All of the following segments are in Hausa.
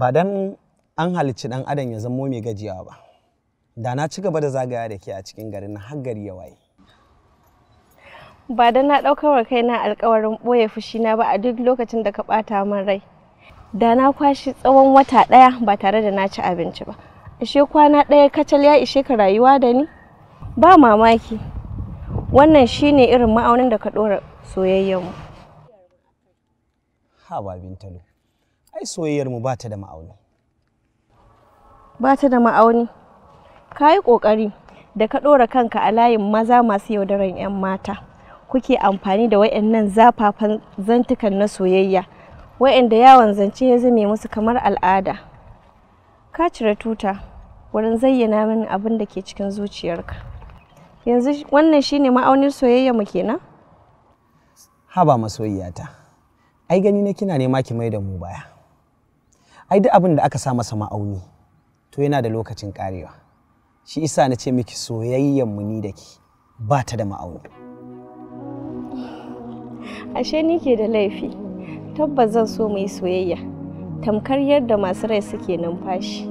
ba dan an halicci dan adam ya zamo mai gajiyawa ba da na ci gaba da zagaya da ke a cikin garin na har gari ya waye ba da na kai kaina alkawarin ɓoye na ba a duk lokacin da ka ɓata min rai da na kwashi tsawon wata ɗaya ba tare da na ci abinci ba ashe kwana ɗaya kacal ya ishe ka rayuwa da ni ba mamaki wannan shine irin ma'aunin da ka ɗora soyayyenmu ha ba bintalo ai soyayyarmu ba ta da ma'auni ba ta da ma'auni ka yi ƙoƙari da ka ɗora kanka a layin maza masu yaudaran 'yan mata kuke amfani da wayannan zafafan zantukan na soyayya wayanda yawon zance ya zame musu kamar al'ada ka cire tuta wurin zayyana mini abin da ke cikin zuciyarka yanzu wannan shine ma'aunin soyayya mu kenan haba masoyiyata ai gani na kina nema ki mai da mu baya ai duk abin da aka sa masa ma'auni to yana da lokacin karewa shi isa na ce miki soyayyen mu ni da ke ba ta da ma'auni ashe ni ke da laifi tabbas zan so mu yi soyayya tamkar yadda masu rai suke numfashi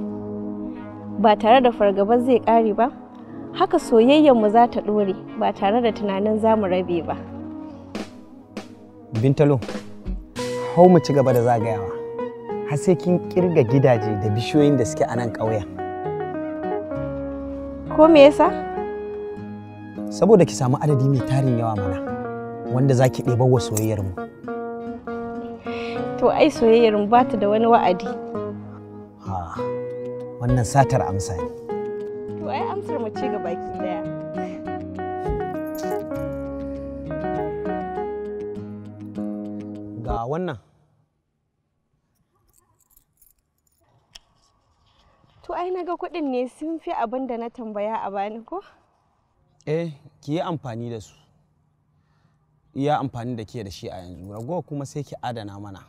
ba tare da fargaba zai kare ba haka soyayyen mu za ta ɗore ba tare da tunanin za mu rabe ba bintalo hau mu ci gaba da zagayawa har sai kin kirga gidaje da bishiyoyin da suke a nan ƙauyen. Ko me yasa? Saboda ki samu adadi mai tarin yawa mana wanda za ki ɗebar wa soyayyar mu. To ai soyayyar mu ba ta da wani wa'adi. Ha, wannan satar amsa ne. To ai amsar mu ce ga baki daya. Ga wannan ai naga kuɗin ne sun fi abin da na tambaya a bani ko? Eh, ki yi amfani da su. Iya amfani da ke da shi a yanzu. Ragowa kuma sai ki adana mana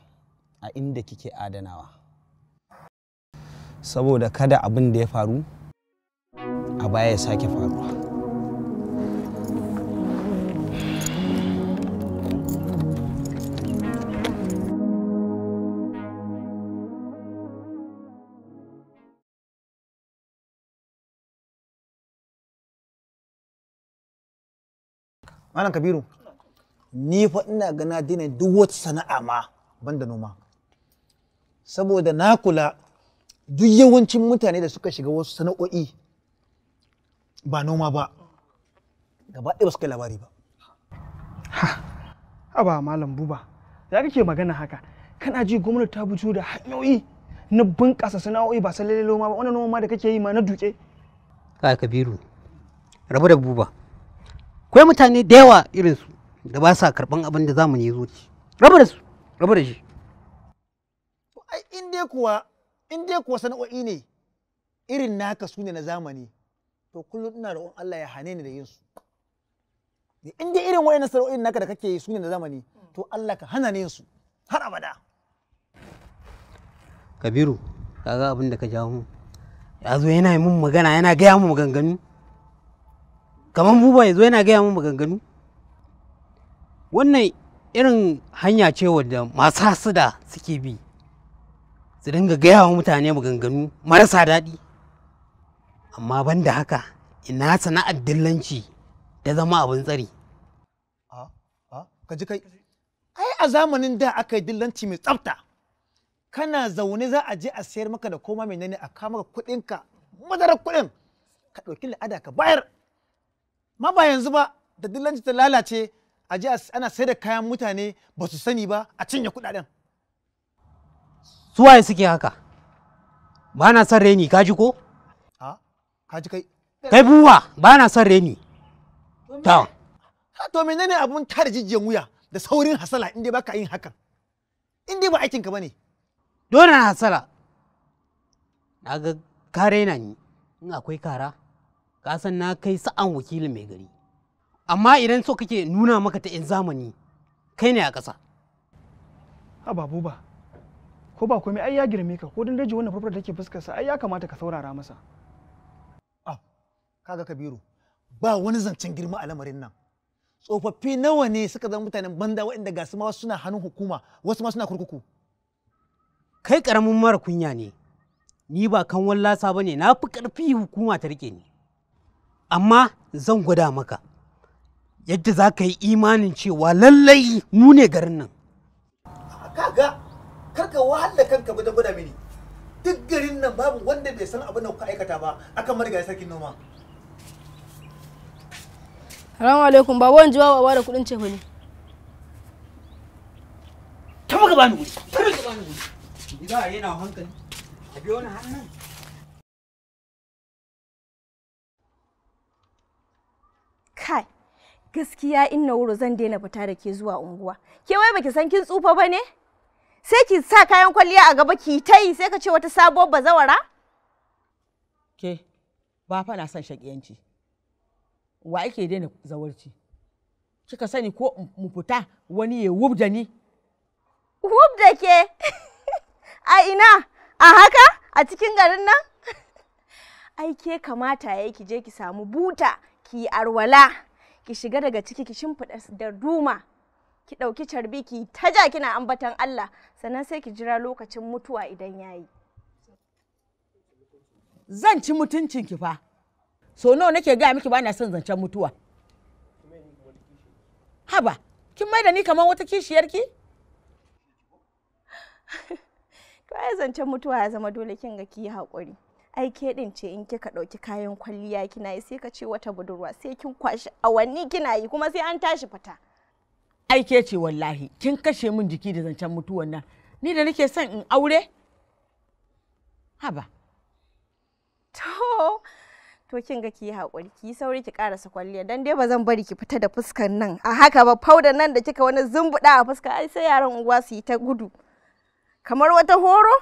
a inda kike adanawa. Saboda kada abin da ya faru a baya ya sake faruwa. malam kabiru ni fa ina gana daina duk wata sana'a ma banda noma saboda na kula duk yawancin mutane da suka shiga wasu sana'o'i ba noma ba gaba ɗaya ba su kai labari ba ha ba malam buba ya kake magana haka kana ji gwamnati ta bujo da hanyoyi na bunƙasa sana'o'i ba sai lalle noma ba wannan noma da kake yi ma na duke ka kabiru rabu da buba akwai mutane da yawa irinsu da ba sa karɓan abin da zamani ya zo ci raba da su raba da shi ai in dai kuwa in dai kuwa sana'o'i ne irin naka su ne na zamani to kullum ina roƙon Allah ya hane ni da yin su in dai irin wayannan sana'o'i naka da kake yi su ne na zamani to Allah ka hana ni yin su har abada kabiru kaga abin da ka jawo mu ya zo yana yi mun magana yana gaya mu maganganu kamar buba ya zo yana gaya min maganganu wannan irin hanya ce wadda masu hasada suke bi su dinga gaya wa mutane maganganu marasa daɗi amma ban da haka ina sana'ar dillanci da zama abin tsari ka ji kai ai a zamanin da aka yi dillanci mai tsafta kana zaune za a je a sayar maka da koma menene a kama kuɗinka madarar kuɗin ka ɗauki la'ada ka bayar ma ba yanzu ba da dillanci ta lalace a ji ana sai da kayan mutane ba su sani ba a cinye kudaden suwaye suke haka ba na son reni kaji ko ka ji kai kai buwa ba na son reni ta to menene abun tare jijiyan wuya da saurin hasala inda baka yin hakan inda ba aikin ka bane dole na hasala na ga kare na ni in akwai kara ka san na kai sa'an wakilin mai gari amma idan so kake nuna maka ta 'yan zamani kai ne a ƙasa babu ba ko ba komai ai ya girme ka ko dindaji wannan furfura take fuskar sa ai ya kamata ka saurara masa a ah, kaga kabiru ba wani zancen girma a lamarin nan tsofaffi nawa ne suka zama mutanen banda waɗanda ga ma suna hannun hukuma wasu ma suna kurkuku kai karamin mara kunya ne ni ba kan wallasa bane na fi karfi hukuma ta rike ni amma zan gwada maka yadda za ka yi imanin cewa lallai mu ne garin nan kaga karka wahala kanka gwada gwada mini duk garin nan babu wanda bai san abin da kuka aikata ba akan ya sarkin noma Salamu alaikum ba wani jiwa wa da kudin cefa ne. Ta maka bani guri. Ta maka bani guri. Gida yana hankali. A biyo wani hannun. kai gaskiya na wuro zan daina fita da ke zuwa unguwa ke wai baki san kin tsufa ba ne sai ki sa kayan kwalliya a gaba ki ta sai ka ce wata sabuwar bazawara ke ba fa na son shakiyanci wa ake daina zawarci kika sani ko mu fita wani ya wubda ni wubda ke a ina a haka a cikin garin nan ai ke kamata ya ki je ki samu buta ki arwala ki shiga daga ciki ki shimfiɗa da duma ki ɗauki carbi ki ta ja kina ambatan Allah sannan sai ki jira lokacin mutuwa idan ya yi. zan ci mutuncin ki fa so nawa nake gaya miki bana son zancen mutuwa haba kin mai da ni kamar wata kishiyarki to zancen mutuwa ya zama dole kin ga ki haƙuri aike din ce in kika ɗauki kayan kwalliya kina yi sai ka ce wata budurwa sai kin kwashi awanni kina yi kuma sai an tashi fita aike ce wallahi kin kashe min jiki da zancen mutuwan nan ni da nake son in aure haba to to kin ga ki haƙuri ki sauri ki karasa kwalliya dan dai ba zan bari ki fita da fuskan nan a haka ba fauda nan da kika wani zumbuda a fuska ai sai yaran unguwa su yi ta gudu kamar wata horo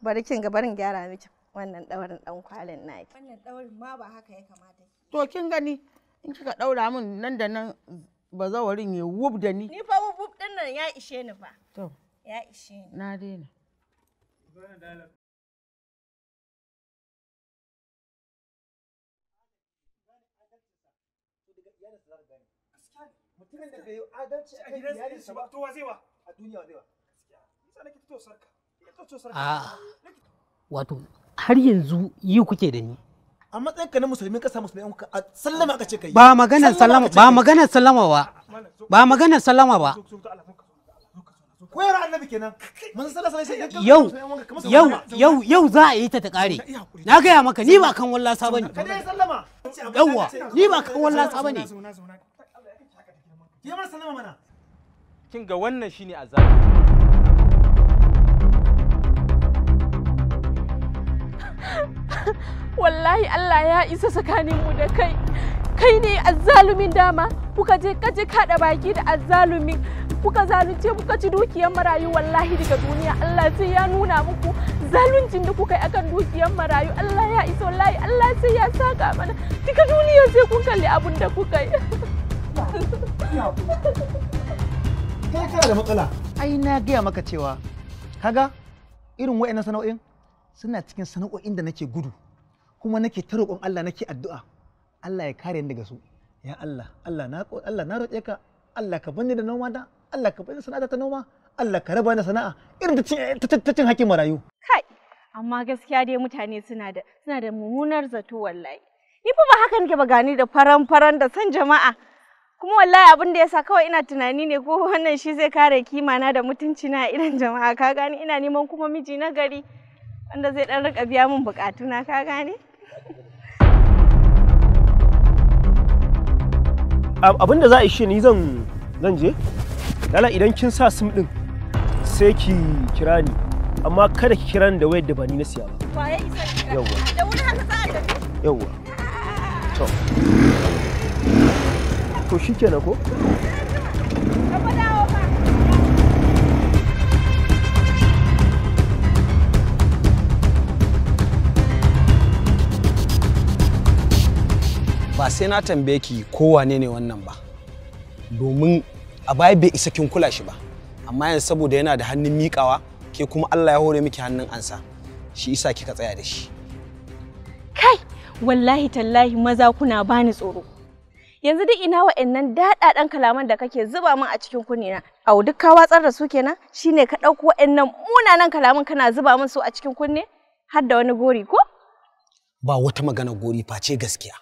bari kin ga barin gyara miki wannan daurin dan kwalin naki wannan daurin ma ba haka ya kamata to kin gani in kika daura min nan da nan ba zawarin ya wub da ni ni fa wub ɗin nan ya ishe ni fa to ya ishe ni na daina a ah, ba a wato har yanzu yi kuke da ni a matsayin ka na musulmi ka samu sallama a sallama ka ce kai ba maganar sallama ba maganar sallama ba ba maganar sallama ba Koyarwa annabi kenan mun sallallahu sai wasallam yau yau yau yau za a yi ta ta kare na gaya maka ni ba kan wallahi sabani. ka dai sallama yawwa ni ba kan wallahi sabani. Ya mana sallama mana kin ga wannan shine azabi wallahi Allah ya isa tsakaninmu mu da kai kai ne azzalumin dama kuka je kaje kada baki da azzalumi kuka zalunce kuka ci dukiyar marayu wallahi daga duniya Allah sai ya nuna muku zaluncin da kuka yi akan dukiyar marayu Allah ya isa wallahi Allah sai ya saka mana duka duniya sai kun kalli abin da kuka yi kai kana da matsala ai na gaya maka cewa kaga irin wa'annan sana'o'in suna cikin sana'o'in da nake gudu kuma nake ta roƙon Allah nake addu'a Allah ya kare ni daga su ya Allah Allah na Allah na roƙe ka Allah ka bani da noma da Allah ka bani sana'a ta noma Allah ka raba ni sana'a irin ta cin hakkin marayu kai amma gaskiya dai mutane suna da suna da mummunar zato wallahi ni fa ba haka nake ba gani da faran faran da san jama'a kuma wallahi abin da yasa kawai ina tunani ne ko wannan shi zai kare kimana da mutuncina a irin jama'a ka gani ina neman kuma miji na gari wanda zai ɗan rika biya min bukatuna ka gane abin da za a yi shi ni zan zan je lala idan kin sa sim din sai ki kira ni amma kada ki kira ni da wayar da ba ni na siya ba yawwa da wani haka za a tafi yawwa to to shikenan ko ba sai na tambaye ki ko wane ne wannan ba domin a baya bai isa kin kula shi ba amma yanzu saboda yana da hannun miƙawa ke kuma Allah ya hore miki hannun ansa shi isa kika tsaya da shi kai wallahi tallahi maza kuna bani tsoro yanzu duk ina wa'annan daɗaɗan kalaman da kake zuba min a cikin na, a duk ka watsar da su kenan shine ka ɗauko wa'annan munanan kalaman kana zuba min su a cikin kunne har da wani gori ko ba wata magana gori face gaskiya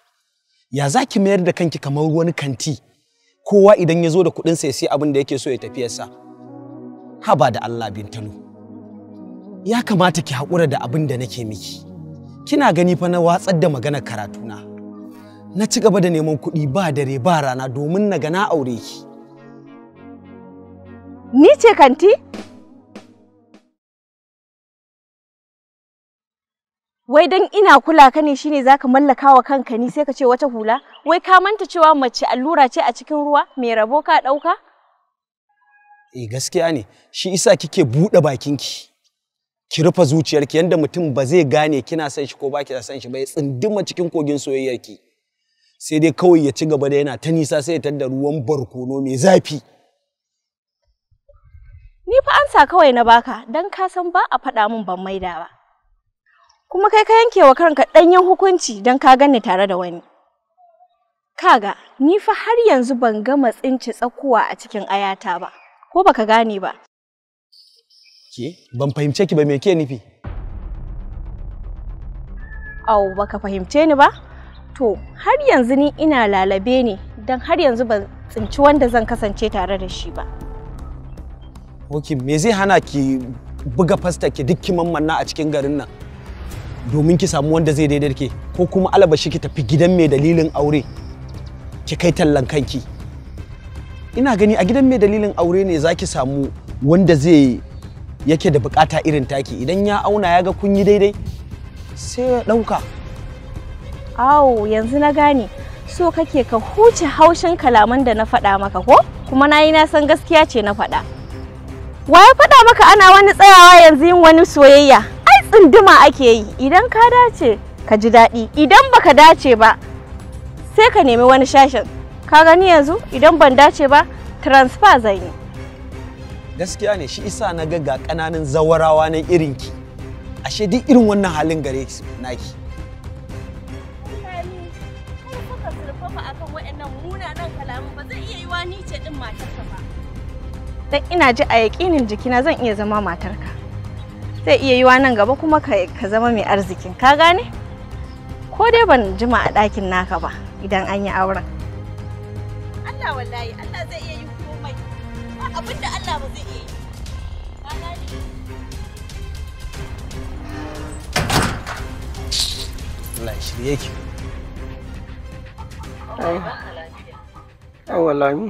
ya za ki mayar da kanki kamar wani kanti kowa idan ya zo da kuɗinsa ya sai abin da yake so ya tafiyarsa haba da Allah bintalo ya kamata ki haƙura da abin da nake miki kina gani fa na watsar da maganar karatuna na ci gaba da neman kuɗi ba dare ba rana domin na gana na aure ki ni ce kanti wai dan ina kula ka ne shine zaka mallaka wa kanka ni sai ka ce wata hula wai ka manta cewa mace allura ce a cikin ruwa mai rabo ka dauka eh gaskiya ne shi isa kike bude bakinki ki rufe zuciyarki yanda mutum ba zai gane kina son shi ko ba ki son shi ba ya tsinduma cikin kogin soyayyarki sai dai kawai ya ci gaba da yana ta nisa sai ya tadda ruwan barkono mai zafi ni fa ansa kawai na baka dan ka san ba a faɗa min ban maida ba Kuma kai ka yanke wa kanka ɗanyen hukunci don ka ganni tare da wani. Kaga, ni fa har yanzu ban gama tsinci tsakuwa a cikin ayata ba, ko baka gane ba. Ke, ban fahimce ki ba me ke nufi? Au, baka fahimce ni ba? To, har yanzu ni ina lalabe ne don har yanzu ban tsinci wanda zan kasance tare da shi ba. Ok, me zai hana ki buga fasta ki duk mammanna a cikin garin nan? domin ki samu wanda zai daidai ke ko kuma alabashi ki tafi gidan mai dalilin aure ki kai tallan kanki ina gani a gidan mai dalilin aure ne za ki samu wanda zai yake da bukata irin taki idan ya auna ya ga kun yi daidai sai ya ɗauka awo yanzu na gane so kake ka huce haushin kalaman da na faɗa maka ko kuma na yi na gaskiya ce na faɗa wa ya faɗa maka ana wani tsayawa yanzu yin wani soyayya tsinduma ake yi idan ka dace ka ji daɗi idan baka dace ba sai ka nemi wani shashin ka gani yanzu idan ban dace ba transfer zan yi gaskiya ne shi isa na ga ƙananan zawarawa na irinki ashe duk irin wannan halin gare naki don ina ji a yaƙinin jikina zan iya zama matarka. zai iya yiwa nan gaba kuma ka zama mai arzikin ka gane ko dai ban jima a ɗakin naka ba idan an yi auren Allah wallahi Allah zai iya yi komai ba abin da Allah ba zai iya yi ka gane Allah shirye ki Awa lami,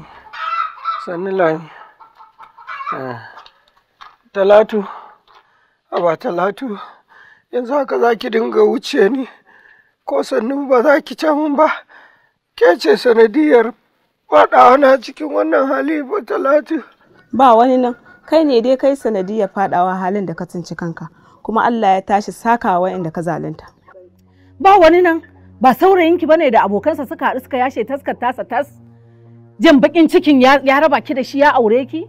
sannu lami, ah. talatu. Ba Talatu, yanzu haka za ki dinga wuce ni, ko sannu ba za ki mun ba, ke ce sanadiyar faɗawa na cikin wannan hali ba Talatu. Ba wani nan, kai ne dai kai sanadiyar faɗawa halin da ka tsinci kanka, kuma Allah ya tashi sakawa inda ka zalunta. Ba wani nan, ba saurayinki ba ne da abokansa suka haɗu suka yashe taskar tasa tas. Jin bakin cikin ya raba ki da shi ya aure ki?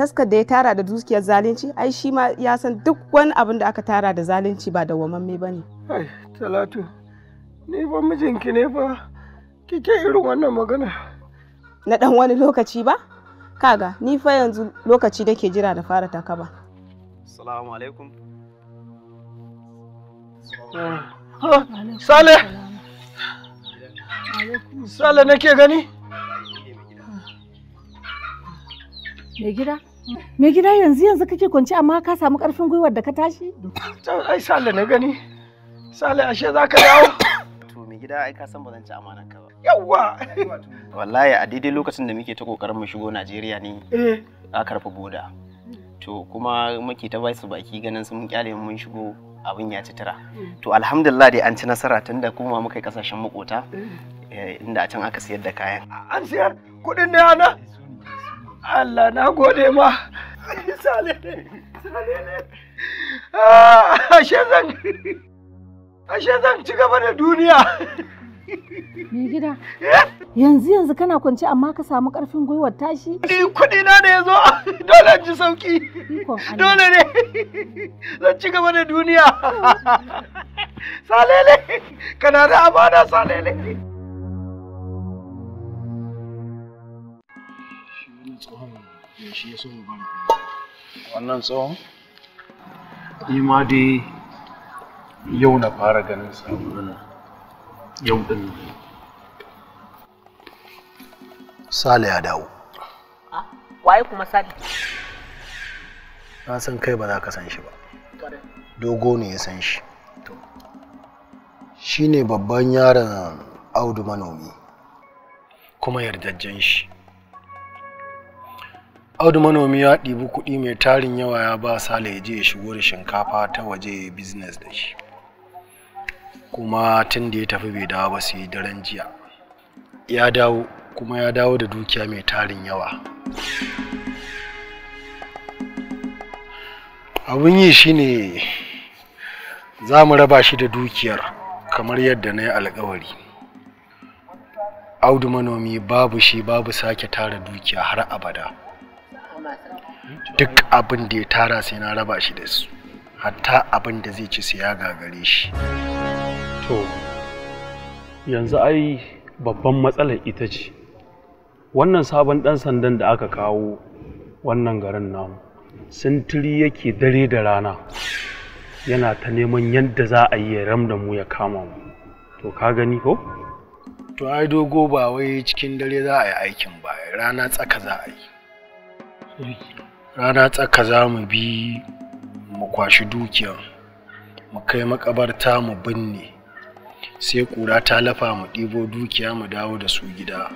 taskar da ya tara da dukiyar zalunci ai shi ma ya san duk wani abin da aka tara da zalunci ba da wamamme ba ne. Ai, Talatu, ni ba mijinki ne ba kike irin wannan magana. Na ɗan wani lokaci ba? Kaga, ni fa yanzu lokaci da ke jira da fara takaba. Salamu alaikum. Ah, ah, Sale! Sale nake gani? Mai gida? Me gida yanzu yanzu kake kwanci amma ka samu karfin gwiwar da ka tashi? Ai Sale na gani. Sale ashe za ka dawo. To me gida ai ka san ba ci amanar ka ba. Yawwa. Wallahi a daidai lokacin da muke ta kokarin mu shigo Najeriya ne. Eh. A karfi boda. To kuma muke ta bai su baki ganin sun kyale mun shigo abin ya ci tira. To alhamdulillah dai an ci nasara tunda kuma muka kai kasashen makota. Eh. Eh, inda a can aka sayar da kayan. An sayar kuɗin ne ana? Allah na gode ma. Sale ne, sale ne. Ah, ashe zan, ashe zan ci gaba da duniya. Me gida? Eh? Yanzu yanzu kana kwance amma ka samu karfin gwiwar tashi? Kudi na ne ya zo dole ji sauki. Dole ne. Zan ci gaba da duniya. Salele, kana da amana salele. shi ya so mu bari wannan tsohon ni ma dai yau na fara ganin sa yau din Sale ya dawo waye kuma Sale na san kai ba za ka san shi ba dogo ne ya san shi shi ne babban yaron audu manomi kuma yardajjen shi audu manomi ya ɗibi kuɗi mai tarin yawa ya ba sale ya je ya shigo da shinkafa ta waje business da shi kuma tun da ya tafi bai dawo ba sai daren jiya ya dawo kuma ya dawo da dukiya mai tarin yawa Abin yi shine za mu raba shi da dukiyar kamar yadda na yi alkawari audu manomi babu shi babu sake tara dukiya har abada duk abin da ya tara sai na raba shi da su hatta abin da zai ci sai ya gagare shi to yanzu ai babban matsalar ita ce wannan sabon ɗan sandan da aka kawo wannan garin namu sintiri yake dare da rana yana ta neman yadda za a yi ram da mu ya kama mu to ka gani ko to ai dogo ba wai cikin dare za a yi aikin ba rana tsaka za a yi rana tsaka za mu bi mu kwashi dukiyan mu kai makabarta mu binne sai kura ta lafa mu ɗibo dukiya mu dawo da su gida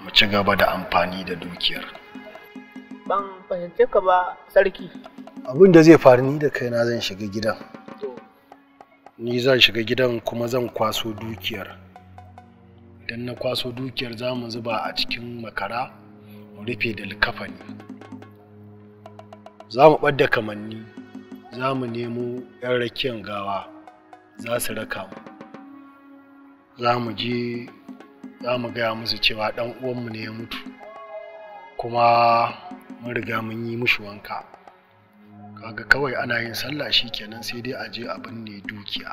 mu ci gaba da amfani da dukiyar ban fahimce ka ba sarki abin da zai faru ni da kaina zan shiga gidan ni zan shiga gidan kuma zan kwaso dukiyar idan na kwaso dukiyar za mu zuba a cikin makara mu rufe da likafani za mu ɓadda kamanni za mu nemo 'yan rakiyan gawa za su raka mu za mu je za mu gaya musu cewa ɗan uwanmu ne ya mutu kuma mun riga mun yi mushi wanka kaga kawai ana yin sallah shi kenan sai dai a je a binne dukiya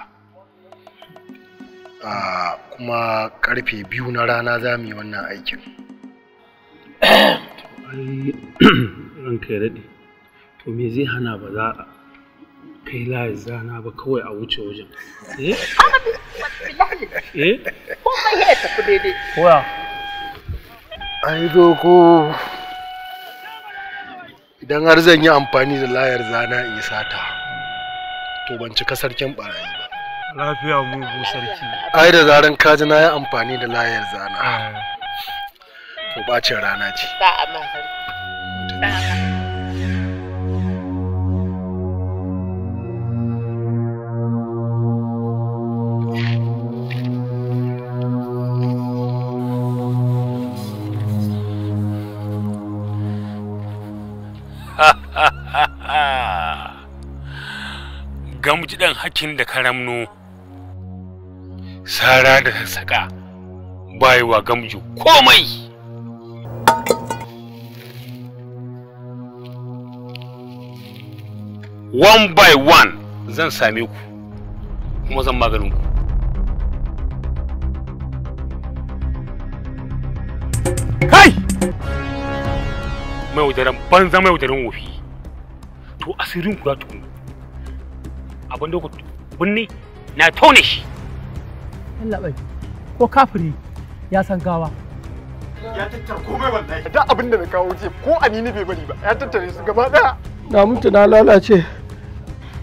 a ah, kuma karfe biyu na rana za mu yi wannan aikin ranka ya daɗe to me zai hana ba za a kai layar zana ba kawai a wuce wajen eh eh ko doko idan har zan yi amfani da layar zana in sata to ban cika sarkin barayi ba lafiya mu bu sarki ai da zaran kaji na yi amfani da layar zana to bacin rana ce da'a ma sarki gamji ɗan hakin da karamno sara da sassaƙa wa gamji komai one by one zan same ku kuma zan maganin ku kai mai wudaran banza mai wudaran wofi to asirin ku za tukunu abin da ku binne na taune shi Allah bai ko kafiri ya san gawa ya tattara komai wallahi da abin da na kawo ce ko anini bai bari ba ya tattare su gaba daya na mutu na lalace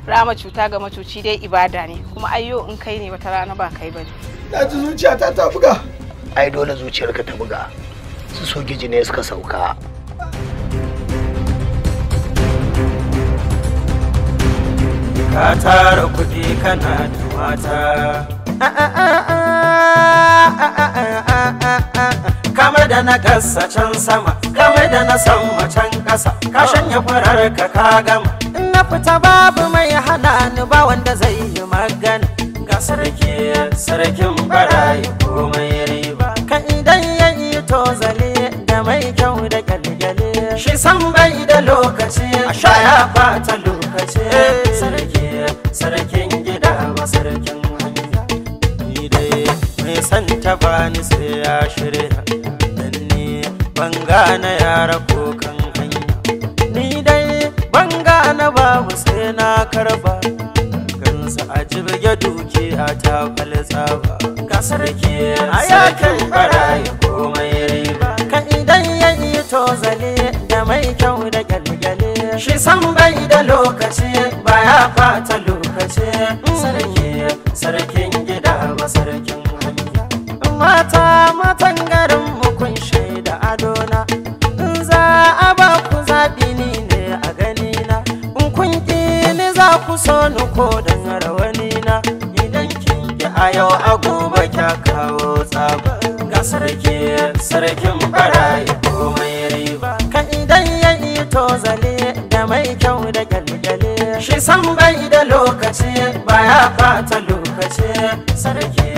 rama cuta ga macuci dai ibada ne kuma ayyo in kai ne wata rana ba kai bane na ji zuciya ta buga ai dole zuciyarka ta buga su so gijine suka sauka ka tara kuɗi kana tumata ah, ah, ah, kamar da na gasa can sama kamar da na san macen ƙasa ka shanya farar ka ka gama na fita babu mai hana ni ba wanda zai yi magana ga sarki sarkin barayi komai riba ka idan ya yi tozali da mai kyau da kyalkyale shi san bai da lokaci a ya fata san ta bani sai ya shirya nan ne bangana ya yara kokan hanya ni dai na ba babu sai na karba gansa a jirge dukiya ta falsa ba kasar sarki a yakin ya komai riba ka idan ya yi tozali da mai kyau da gyalgyale shi san bai da lokaci ba ya fata a yau a gobe kya kawo tsaba ga sarki sarkin barayi komai riba ka idan ya ito zale da mai kyau da gyalgyale shi san bai da lokaci ba ya fata lokaci sarki